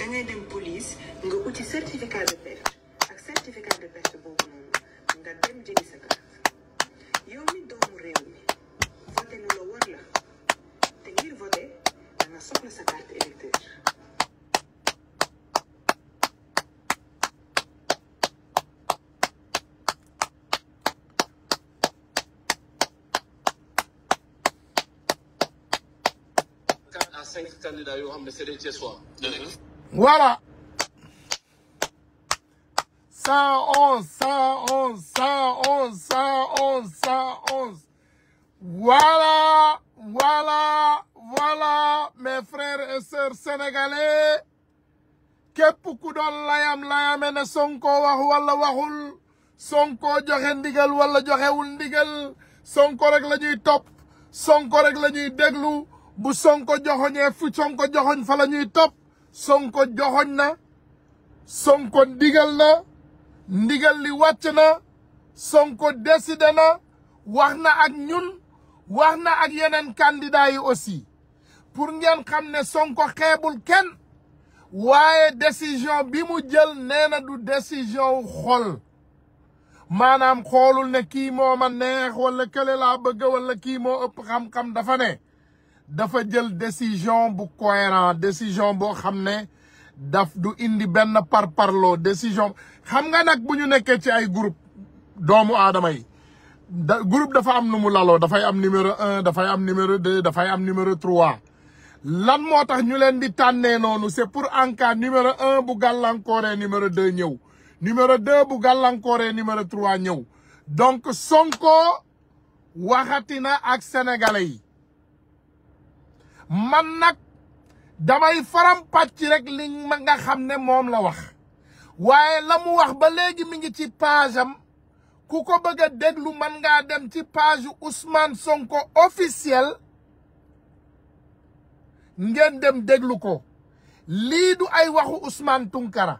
da ngay dem police nga uti certificat de perte ak certificat de perte boobu noonu nga dem jëli sa carte yow doomu réew mi voté lu la war te ngir voté da nga sa carte électeur yoo xam ne c'est voilà 111 111 111 111 111 voilà voilà voilà mes layam layame ne Sonko wax wala waxul Sonko joxe ndigal wala joxewul ndigal Sonko rek la ñuy topp Sonko rek la ñuy déglu bu Sonko joxoñee fu Sonko joxoñ fa la ñuy topp sonko joxoñ na sonko ndigal na ndigal li wàcc na sonko décidé na wax na ak ñun wax na ak yeneen candidats yi aussi pour ngeen xam ne sonko xeebul ken waaye décision bi mu jël nee na du décision xol maanaam xoolul ne kii moo neex wala kële laa bëgg wala kii moo ëpp xam-xam dafa ne dafa jël décision bu cohérent décision boo xam ne daf du indi benn par parloo décision xam nga nag bu ñu nekkee ci ay groupe doomu aadama yi da groupe dafa am nu mu laloo dafay am numéro un dafay am numéro deux dafay am numéro trois lan moo tax ñu leen di tànnee noonu c'est pour en cas numéro un bu gàllankooree numéro deux ñëw numéro deux bu gàllankooree numéro trois ñëw donc Sonko waxatina ak sénégalais yi man nag damay farampàcc pàcc rek li nga xam ne moom la wax waaye la mu wax ba léegi mi ngi ci page ku ko bëgg a déglu man ngaa dem ci page usmaan Sonko officiel ngeen dem déglu ko lii du ay waxu usmaan Tunkara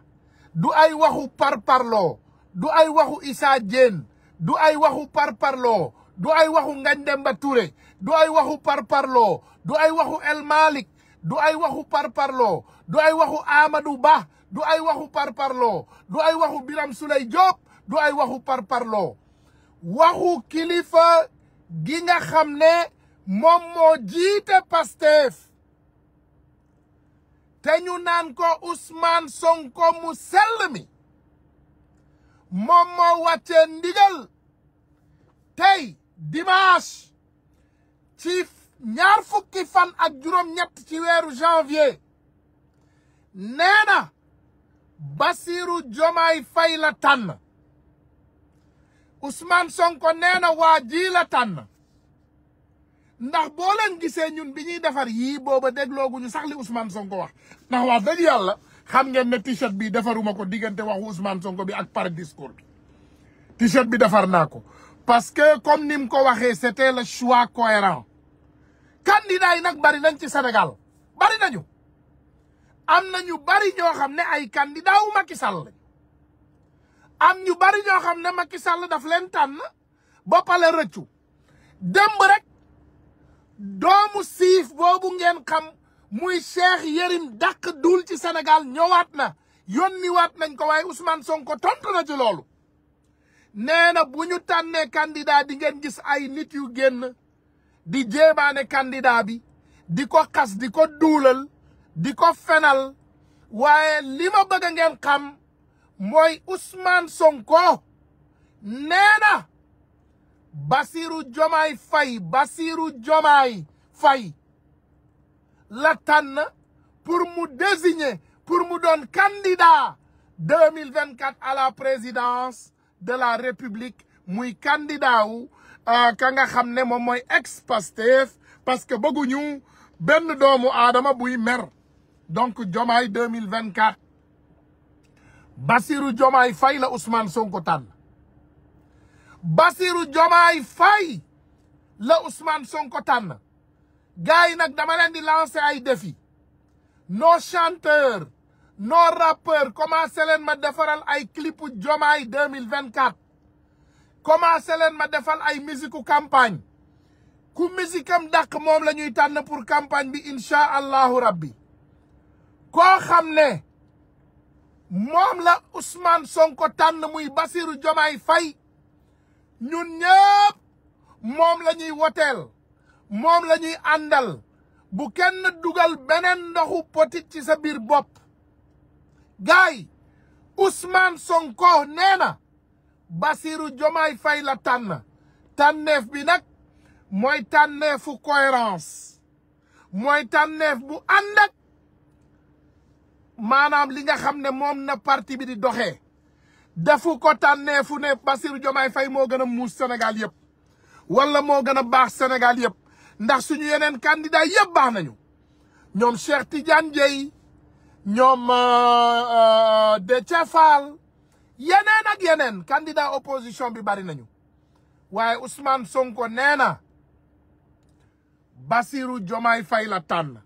du ay waxu parparloo du ay waxu Issa Diène du ay waxu parparloo du ay waxu Ngagne Demba Touré du ay waxu parparloo du ay waxu El du ay waxu parparloo du ay waxu Amadou Ba du ay waxu parparloo du ay waxu Biram Souley Diop du ay waxu parparloo waxu kilifa gi nga xam ne moom moo jiite Pastef te ñu naan ko Ousmane Sonko mu sell mi moom moo wàccee ndigal tey dimanche ci ñaar fukki fan ak juróom-ñett ci weeru janvier nee na Bassirou Diomaye Faye la tànn Ousmane Sonko nee na waa ji la tànn ndax boo leen gisee ñun bi ñuy defar yii booba deglooguñu sax li Ousmane Sonko wax ndax wax dëgg yàlla xam ngeen ne t-shirt bi defaruma ko diggante waxu Ousmane Sonko bi ak par discours bi t-shirt bi defar naa ko parce que comme ni mu ko waxee c'était le choix cohérent candidat yi nag bari nañ ci senegal bari nañu am na ñu bari ñoo xam ne ay candidat wu Macky Sall lañ am ñu bari ñoo xam ne Macky Sall daf leen tànn ba pale rëccu démb rek doomu siif boobu ngeen xam muy Cheikh Yérim dàq duul ci Sénégal ñëwaat na yónniwaat nañ ko waay Ousmane Sonko tontu na ci loolu nee na bu ñu tànnee candidat di ngeen gis ay nit yu génn di jéebaane candidat bi di ko xas di ko duulal di ko fenal waaye li ma bëgg ngeen xam mooy Ousmane Sonko nee na Basiru Jomaay Fay Basiru Jomaay Fay la tànn pour mu désigner pour mu doon candidat 2024 à la présidence de la République muy candidat Euh, ka nga xam ne moom mooy ex Pastef parce que bëgguñu benn doomu aadama buy mer donc Diomaye 2024 Bassirou Diomaye Faye la Ousmane Sonko tànn Bassirou Diomaye Faye la Ousmane Sonko tànn gars yi nag dama leen di lancer ay défi nos chanteurs nos rappeurs commencé leen ma defaral ay clipu Diomaye 2024 commencé leen ma defal ay musique campagne ku musique am moom la ñuy tànn pour campagne bi incha allahu rabbi koo xam ne moom la Ousmane Sonko tànn muy Basiru Jomaay Fay ñun ñëpp moom la woteel moom la ñuy àndal bu kenn dugal beneen ndoxu potit ci sa biir bopp gaay Ousmane Sonko nee na Bassirou Diomaye Faye la tànn tànneef bi nag mooy tànneefu cohérence mooy tànneef bu ànd ak maanaam li nga xam ne moom na parti bi di doxee defu ko tànneefu ne Bassirou Diomaye fay moo gën a muus Sénégal yëpp wala moo gën a baax Sénégal yëpp ndax suñu yeneen candidat yëpp baax nañu ñoom Cheikh Tidiane Dieye ñoom euh, euh, Déthié Fall yeneen ak yeneen candidat opposition bi bari nañu waaye Ousmane Sonko nee na basiru Diomaye fay la tànn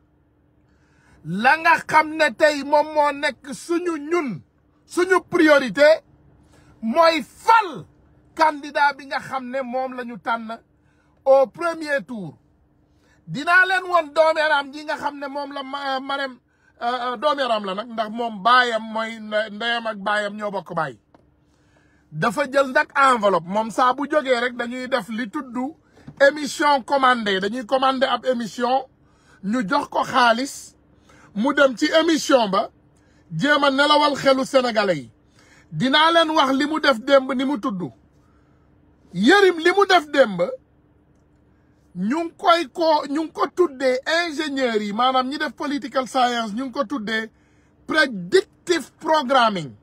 la nga xam ne tey moom moo nekk suñu ñun suñu priorité mooy fal candidat bi nga xam ne moom la ñu tànn au premier tour dinaa leen woon doomeeraam ji nga xam ne moom la marem euh, euh, doomeeraam la nag ndax moom baayam mooy ndeyam ak baayam ñoo bokk baay dafa jël nag envelopp moom saa bu jógee rek dañuy def li tudd émission commandée dañuy commandé ab émission ñu jox ko xaalis mu dem ci émission ba jéem a nelawal xelu sénégalais yi dinaa leen wax li mu def démb ni mu tudd Yérim li mu def démb ñu koy ko ñu ngi ko tuddee ingénieur yi maanaam ñi def political science ñu ngi ko tuddee predictive programming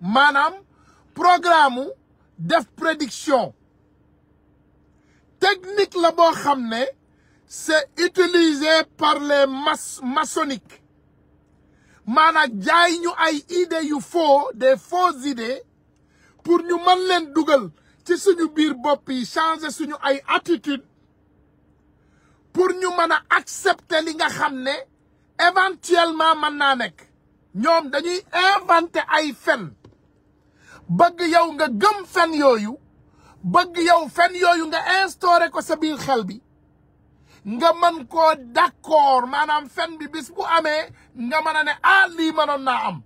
maanaam programme def prédiction technique la boo xam ne c'est utilisé par les mas maçonniques jaay ñu ay idées yu faux des fausses idées pour ñu mën leen dugal ci suñu biir bopp yi changer suñu ay attitude pour ñu mën a accepter li nga xam ne éventuellement mën naa nekk ñoom dañuy inventer ay fen bëgg yow nga gëm fen yooyu bëgg yow fen yooyu nga instauré ko sa biir xel bi nga mën koo d'accord maanaam fen bi bis bu amee nga mën a ne ah lii mënoon naa am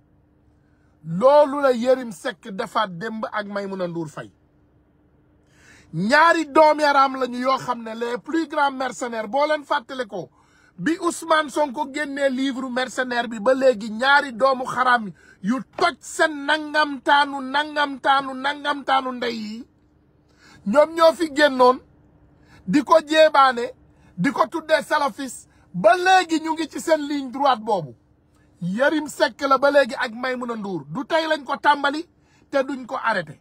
loolu la Yérim Seck defaat démb ak may Maïmouna Ndour Faye ñaari doom yaram lañu yoo xam ne les plus grands mercenaires boo leen fàttale ko bi Ousmane Sonko génnee livre mercenaire bi ba léegi ñaari doomu xaraam yu toj seen nangamtaanu nangamtaanu nangamtaanu ndey yi ñoom ñoo fi génnoon di ko jéebaane di ko tuddee salafis ba léegi ñu ngi ci seen ligne droite boobu Yérim Seck la ba léegi ak Maïmouna nduur du tey lañ ko tàmbali te duñ ko arrêté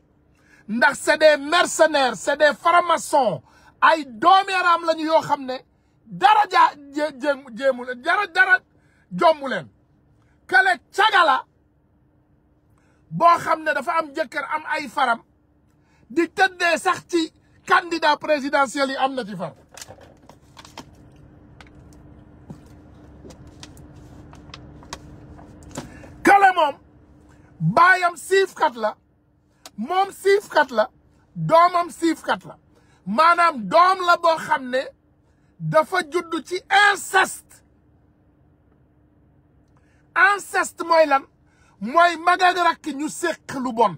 ndax c'est des mercenaires c'est des francs ay doomi araam lañu yoo xam ne dara jaa jéemu jéemu dara dara jombu leen cagala boo xam ne dafa am jëkkër am ay faram di tëddee sax ci candidat présidentiel yi am na ci far kale moom baayam siifkat la moom siifkat la doomam siifkat la maanaam doom la boo xam ne dafa judd ci inceste inceste mooy lan mooy mag ak rakk ñu séq lu bon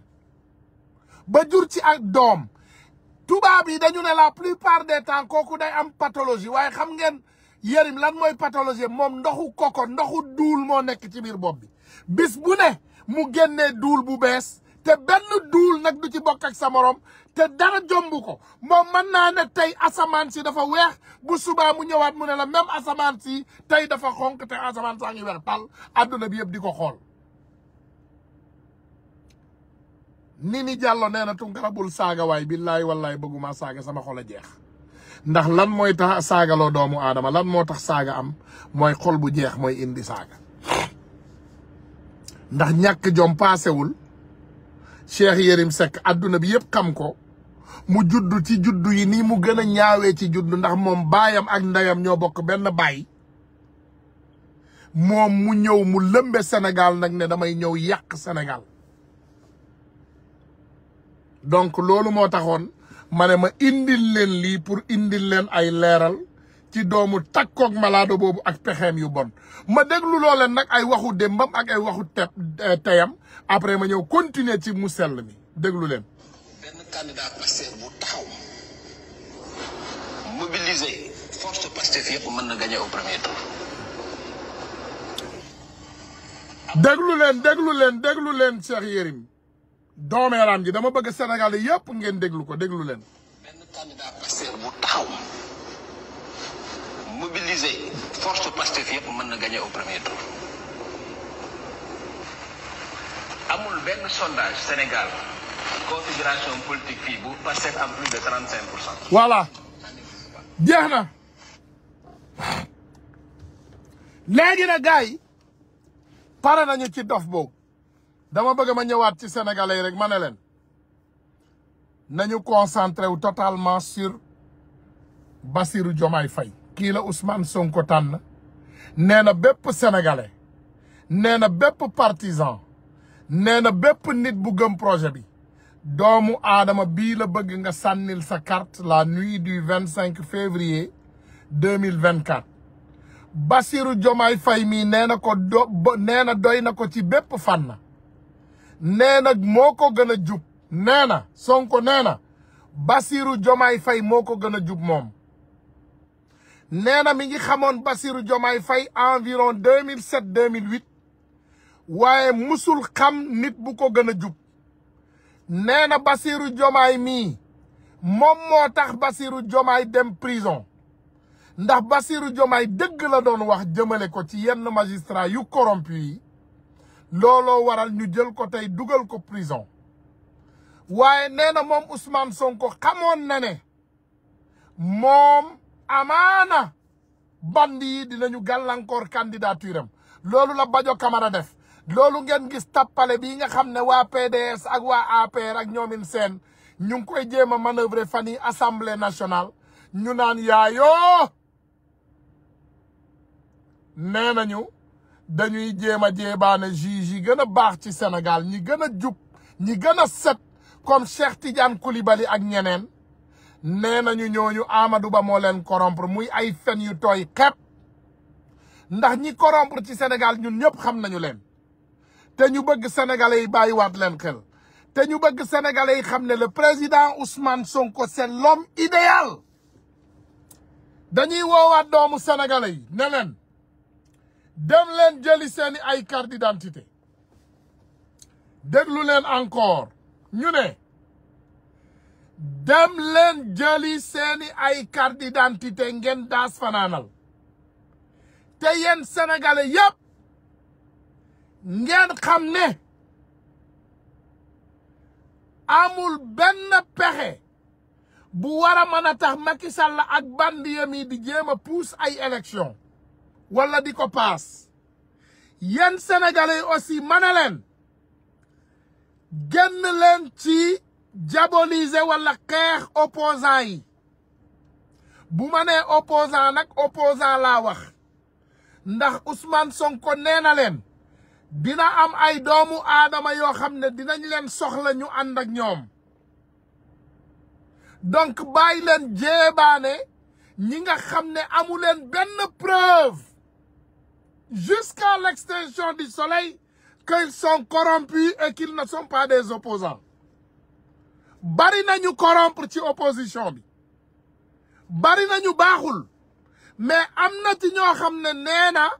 ba jur ci ak doom tubaab yi dañu ne la plupart des temps kooku day am pathologie waaye xam ngeen Yérim lan mooy pathologie moom ndoxu koko ndoxu duul moo nekk ci biir bopp bi bis bu ne mu génne duul bu bees te benn duul nag du ci bokk ak sa morom te dara jomb ko moom mën naa ne tey asamaan si dafa weex bu subaa mu ñëwaat mu ne la même asamaan si tey dafa xonk te asamaan saa ngi weex tàll àdduna bi yëpp di ko xool Nini Diallo nee na Tunkara bul saaga waay billaay wallaay bëgguma saaga sama xol a jeex ndax lan mooy tax saagaloo doomu aadama lan moo tax saaga am mooy xol bu jeex mooy indi saaga ndax ñàkk jom paasewul Cheikh Yérim sekk adduna bi yëpp xam ko mu judd ci judd yi ni mu gën a ñaawee ci judd ndax moom baayam ak ndeyam ñoo bokk benn baay moom mu ñëw mu lëmbe senegal nag ne damay ñëw yàq senegal donc loolu moo taxoon ma ne ma indil leen lii pour indil leen ay leeral ci doomu takkoog malaado boobu ak pexeem yu bon ma déglu loo leen nag ay waxu démbam ak ay waxu te eh, teyam après ma ñëw continuer ci mu sell mi déglu leen. benn candidat taxaw mobiliser force Pastef yëpp mën déglu leen déglu leen déglu leen Cheikh Yérim doomeeraam ji dama bëgg Sénégal yépp ngeen déglu ko déglu leen. benn bu taxaw mobiliser force Pastef yépp mën na gagner au premier amul benn sondage Sénégal configuration politique fii bu Pastef am plus de pour cent. voilà jeex na léegi na gars yi pare nañu ci dof boobu. dama bëgg ma ñëwaat ci sénégalais yi rek ma ne leen nañu concentré wu totalement sur Bassirou Diomaye fay kii la Ousmane Sonko tànn nee na bépp sénégalais nee na bépp partisan nee na bépp nit bu gëm projet bi doomu aadama bii la bëgg nga sànnil sa carte la nuit du vingt cinq février deux mille vingt quatre Bassirou Diomaye Faye mii nee na ko do nee na doy na ko ci bépp fànn nee na moo ko gën a jub nee na Sonko nee na Basiru Jomaay Fay moo ko gën a jub moom nee na mi ngi xamoon Basiru Jomaay Fay environ 2007 2008 waaye musul xam nit bu ko gën a jub nee na Basiru Jomaay mii moom moo tax Basiru Jomaay dem prison ndax Basiru Jomaay dëgg la doon wax jëmale ko ci yenn magistrat yu corrompu yi looloo waral ñu jël ko tey dugal ko prison waaye nee na moom Ousmane Sonko xamoon na ne moom amaana bandi yi dinañu gàllankoor candidature am loolu la Badio Camara def loolu ngeen gis tappale bii nga xam ne waa PDS ak waa APR ak ñoomin seen ñu ko koy jéem a manœuvrer fan yi assemblée nationale ñu naan yaayoo nee nañu dañuy jéem a jéebaane juge yi gën a baax ci Sénégal ñi gën a jub ñi gën a set comme Cheikh Tidiane Koulibaly ak ñeneen nee nañu ñooñu Amadou Ba moo leen corompre muy ay fen yu tooy xepp ndax ñi corrompre ci Sénégal ñun ñëpp xam nañu leen te ñu bëgg sénégalais yi bàyyiwaat leen xel te ñu bëgg sénégalais yi xam ne le président Ousmane Sonko c'est l'homme idéal dañuy woowaat doomu sénégalais yi ne dem leen jëli seeni ay carte d'identité déglu leen encore ñu ne dem leen jëli seeni ay carte d'identité ngeen daas fanaanal te yéen sénégalais yépp ngeen xam ne amul benn pexe bu war a mën a tax Macky Sall ak bandiyam yi di jéem a puus ay élection wala di ko paas yéen sénégalais yi aussi ma ne leen ci diaboliser wala xeex opposant yi bu ma nee opposant nag opposant laa wax ndax usmaan Sonko nee na leen dina am ay doomu aadama yoo xam ne dinañ leen soxla ñu ànd ak ñoom donc bàyyi leen jéebaane ñi nga xam ne amu leen benn preuve jusqu'à l'extinction du soleil qu'ils sont corrompus et na ne sont des opposants bari nañu corrompre ci opposition bi bari nañu baaxul mais am na ci ñoo xam ne nee na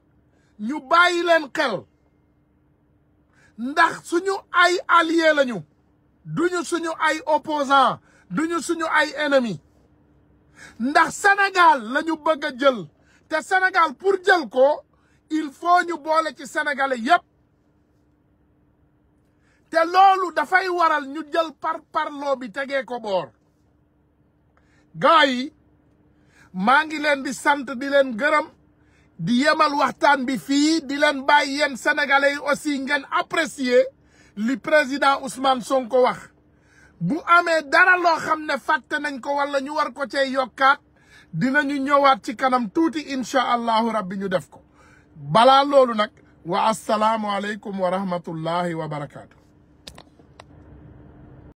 ñu bàyyi leen xel ndax suñu ay alliés lañu duñu suñu ay opposants duñu suñu ay ennemis ndax Sénégal lañu bëgg a jël te senegal pour jël ko il faut ñu boole ci sénégalais yépp te loolu dafay waral ñu jël parparloo bi tegee ko boor gars yi maa ngi leen di sant di leen gërëm di yemal waxtaan bi fii di leen bàyyi yéen sénégalais yi aussi ngeen apprécier li président Ousmane Sonko wax bu amee dara loo xam ne fàtte nañ ko wala ñu war ko cee yokkaat dinañu ñëwaat ci kanam tuuti incha allahu rabbi ñu def ko balaa loolu nag wa asalaamualeykum wa rahmatullahi wa barakaatu.